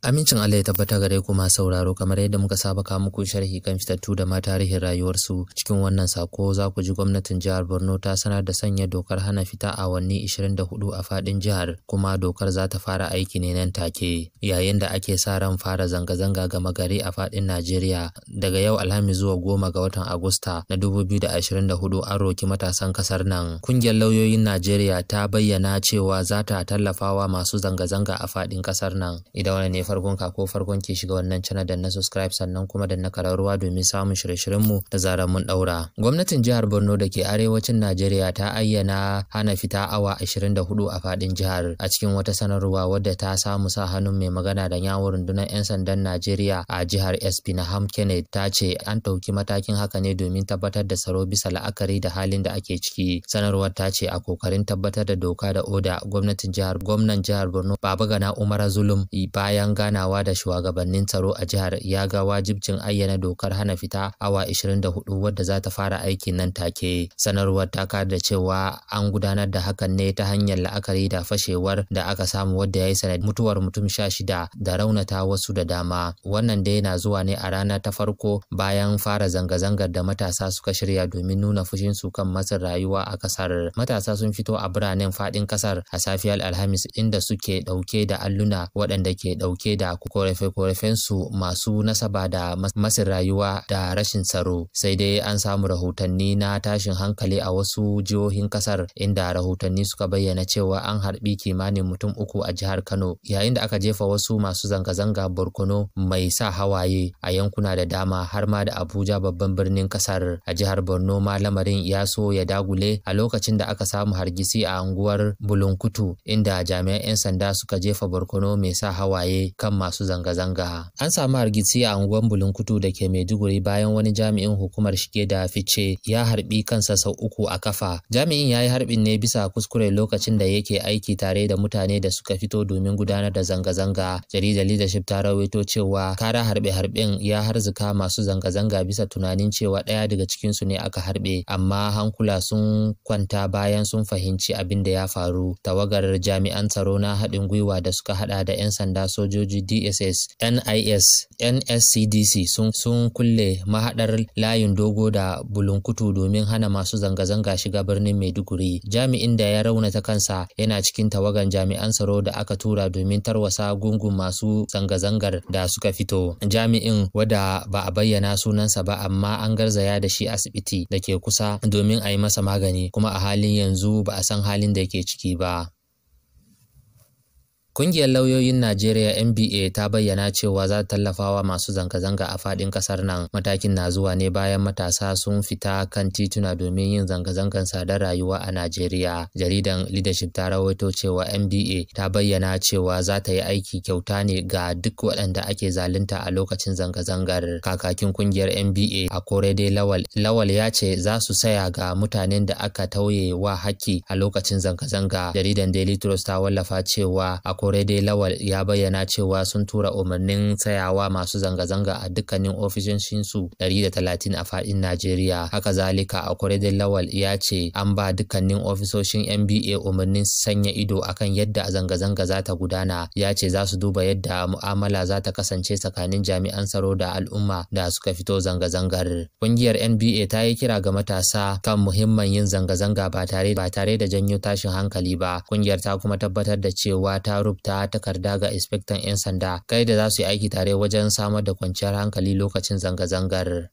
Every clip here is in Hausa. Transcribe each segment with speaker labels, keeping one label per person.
Speaker 1: Amincin Allah ya tabbata gare ku masu sauraro kamar yadda muka saba ka muku sharhi kan fitattu da ma tarihin rayuwarsu cikin wannan sako za ku ji gwamnatin jihar Borno ta sanar da sanya dokar hana fita a wanni 24 a fadin jihar kuma dokar za ta fara aiki ne nan take yayin da ake sa ran fara zanga-zanga gama gari a fadin Najeriya daga yau Alhamis zuwa goma ga watan Agusta na 2024 an roki matasan kasar nan. Kungiyar lauyoyin Najeriya ta bayyana cewa za ta tallafawa masu zanga-zanga a fadin kasar nan. Idan wani ne farkon ka ko farkon ke shiga wannan channel dan na subscribe sannan kuma da na kararuwa domin samun shirye shiryen mu da zaran mun daura. Gwamnatin jihar Borno da ke arewacin Najeriya ta ayyana hana fita awa 24 a fadin jihar a cikin wata sanarwa wadda ta samu sa hannun mai magana da yawon rundunar 'yan sandan Najeriya a jihar SP na Ham Kenneth ta ce an ɗauki matakin haka ne domin tabbatar da tsaro bisa la'akari da halin da ake ciki. Sanarwar ta ce a kokarin tabbatar da doka da oda gwamnatin jihar gwamnan jihar Borno Baba Gana Umar Zulum bayan ganawa da shugabannin tsaro a jihar ya ga wajibcin ayyana dokar hana fita awa 24 wadda za ta fara aikin nan take. Sanarwar ta da cewa an gudanar da hakan ne ta hanyar la'akari da fashewar da aka samu wadda ya yi sanadin mutuwar mutum sha shida da raunata wasu da dama. Wannan dai na zuwa ne a rana ta farko bayan fara zanga-zangar da matasa suka shirya domin nuna fushin su kan matsin rayuwa a kasar. Matasa sun fito a biranen faɗin kasar a safiyar Alhamis inda suke ɗauke da alluna waɗanda ke ɗauke suke da korafe-korafensu masu nasaba da masin rayuwa da rashin tsaro sai dai an samu rahotanni na tashin hankali a wasu jihohin kasar inda rahotanni suka bayyana cewa an harbi kimanin mutum uku a jihar kano yayin da aka jefa wasu masu zanga-zanga borkono mai sa hawaye a yankuna da dama har ma da abuja babban birnin kasar a jihar borno ma lamarin ya so ya dagule a lokacin da aka samu hargitsi a unguwar bulunkutu inda jami'an 'yan sanda suka jefa borkono mai sa hawaye kan masu zanga-zanga. An samu hargitsi a unguwar Bulunkutu da ke Maiduguri bayan wani jami'in hukumar shige da fice ya harbi kansa sau uku a kafa. Jami'in ya yi harbin ne bisa kuskure lokacin da yake aiki tare da mutane da suka fito domin gudanar da zanga-zanga. Jaridar Leadership ta rawaito cewa kara harbe-harben ya harzuka masu zanga-zanga bisa tunanin cewa ɗaya daga cikinsu ne aka harbe, amma hankula sun kwanta bayan sun fahimci abin da ya faru. Tawagar jami'an tsaro na haɗin gwiwa da suka haɗa da 'yan sanda sojoji sojoji dss nis nscdc sun, sun kulle mahaɗar layin dogo da bulunkutu domin hana masu zanga-zanga shiga birnin maiduguri jami'in da ya raunata kansa yana cikin tawagan jami'an tsaro da aka tura domin tarwasa gungun masu zanga-zangar da suka fito jami'in wada ba a bayyana sunansa ba amma an garzaya da shi asibiti da ke kusa domin a yi masa magani kuma a halin yanzu ba a san halin da yake ciki ba Ƙungiyar lauyoyin Najeriya NBA ta bayyana cewa za ta tallafawa masu zanga-zanga a faɗin ƙasar nan. Matakin na zuwa ne bayan matasa sun fita kan tituna domin yin zanga-zangar sadar rayuwa a Najeriya. Jaridan Leadership ta rawaito cewa NBA ta bayyana cewa za ta yi aiki kyauta ne ga duk waɗanda ake zalunta a lokacin zanga-zangar. Kakakin ƙungiyar NBA a dai Lawal. Lawal ya ce za su saya ga mutanen da aka tauye wa haƙƙi a lokacin zanga-zanga. Jaridan Daily Trust ta wallafa cewa a kore dai lawal ya bayyana cewa sun tura umarnin tsayawa masu zanga-zanga a dukkanin ofisoshinsu 130 a faɗin Najeriya. Haka zalika a kore dai lawal ya ce an ba dukkanin ofisoshin NBA umarnin sanya ido akan yadda zanga-zanga za ta gudana. Ya ce za su duba yadda mu'amala za ta kasance tsakanin jami'an tsaro da al'umma da suka fito zanga-zangar. Kungiyar NBA ta yi kira ga matasa kan muhimman yin zanga-zanga ba tare ba tare da janyo tashin hankali ba. Kungiyar ta kuma tabbatar da cewa ta rubuta takarda ga inspektan 'yan sanda kai da za su yi aiki tare wajen samar da kwanciyar hankali lokacin zanga-zangar.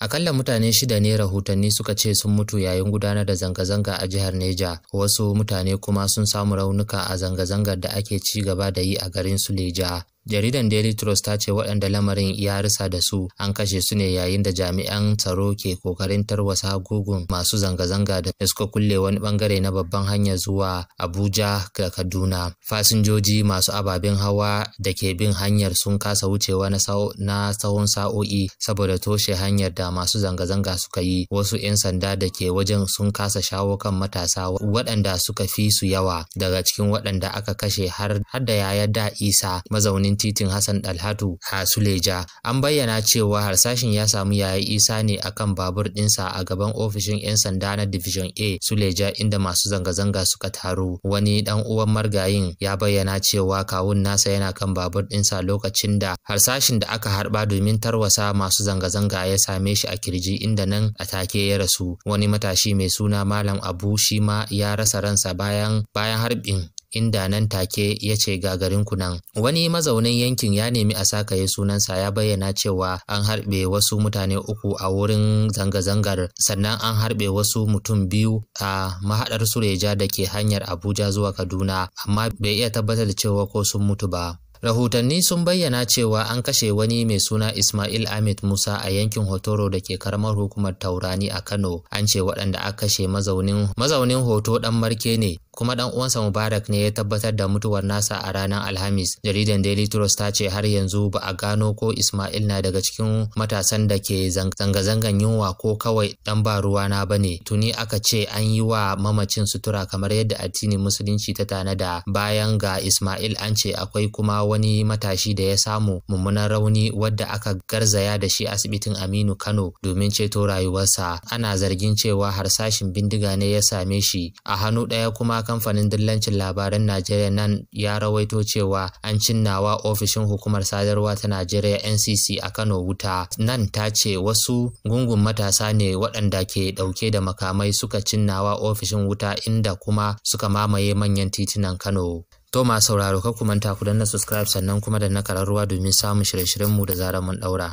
Speaker 1: Akalla mutane shida ne rahotanni suka ce sun mutu yayin gudanar da zanga-zanga a jihar Neja, wasu mutane kuma sun samu raunuka a zanga-zangar da ake ci gaba da yi a garin Suleja. Jaridan Daily Trust ta ce waɗanda lamarin ya risa da su an kashe su ne yayin da jami'an tsaro ke kokarin tarwasa gugun masu zanga-zanga da suka kulle wani bangare na babban hanya zuwa Abuja ga Kaduna. Fasinjoji masu ababen hawa da ke bin hanyar sun kasa wucewa na tsawon sa'o'i saboda toshe hanyar da masu zanga-zanga suka yi. Wasu 'yan sanda da ke wajen sun kasa shawo kan matasa waɗanda suka fi su yawa daga cikin waɗanda aka kashe har da yaya da Isa mazaunin titin Hassan Dalhatu a Suleja. An bayyana cewa harsashin ya samu yayi isa ne akan babur dinsa a gaban ofishin 'yan sanda na Division A Suleja inda masu zanga-zanga suka taru. Wani dan uwan margayin ya bayyana cewa kawun nasa yana kan babur dinsa lokacin da harsashin da aka harba domin tarwasa masu zanga-zanga ya same shi a kirji inda nan a take ya rasu. Wani matashi mai suna Malam Abu shi ma ya rasa ransa bayan bayan harbin inda nan take ya ce gagarinku nan. Wani mazaunin yankin ya nemi a sakaye sunansa ya bayyana cewa an harbe wasu mutane uku a wurin zanga-zangar sannan an harbe wasu mutum biyu a mahaɗar Sureja da ke hanyar Abuja zuwa Kaduna amma bai iya tabbatar da cewa ko sun mutu ba. Rahotanni sun bayyana cewa an kashe wani mai suna Ismail Ahmed Musa a yankin Hotoro da ke karamar hukumar Taurani a Kano. An ce waɗanda aka kashe mazaunin hoto ɗan marke ne kuma ɗan uwansa Mubarak ne ya tabbatar da mutuwar nasa a ranar Alhamis. Jaridan Daily Trust ta ce har yanzu ba a gano ko Ismail na daga cikin matasan da ke zanga-zangan yunwa ko kawai dan ba ruwana ba ne. Tuni aka ce an yi wa mamacin sutura kamar yadda addinin Musulunci ta tanada bayan ga Ismail an ce akwai kuma wani matashi da ya samu mummunan rauni wadda aka garzaya da shi asibitin Aminu Kano domin ceto rayuwarsa. Ana zargin cewa harsashin bindiga ne ya same shi. A hannu ɗaya kuma kamfanin dillancin labaran Najeriya nan ya rawaito cewa an cinnawa ofishin hukumar sadarwa ta Najeriya NCC a Kano wuta. Nan ta ce wasu gungun matasa ne waɗanda ke ɗauke da makamai suka cinnawa ofishin wuta inda kuma suka mamaye manyan titunan Kano. To masu sauraro ka ku manta ku danna subscribe sannan kuma da na kararruwa domin samun shirye-shiryenmu da zarar mun daura.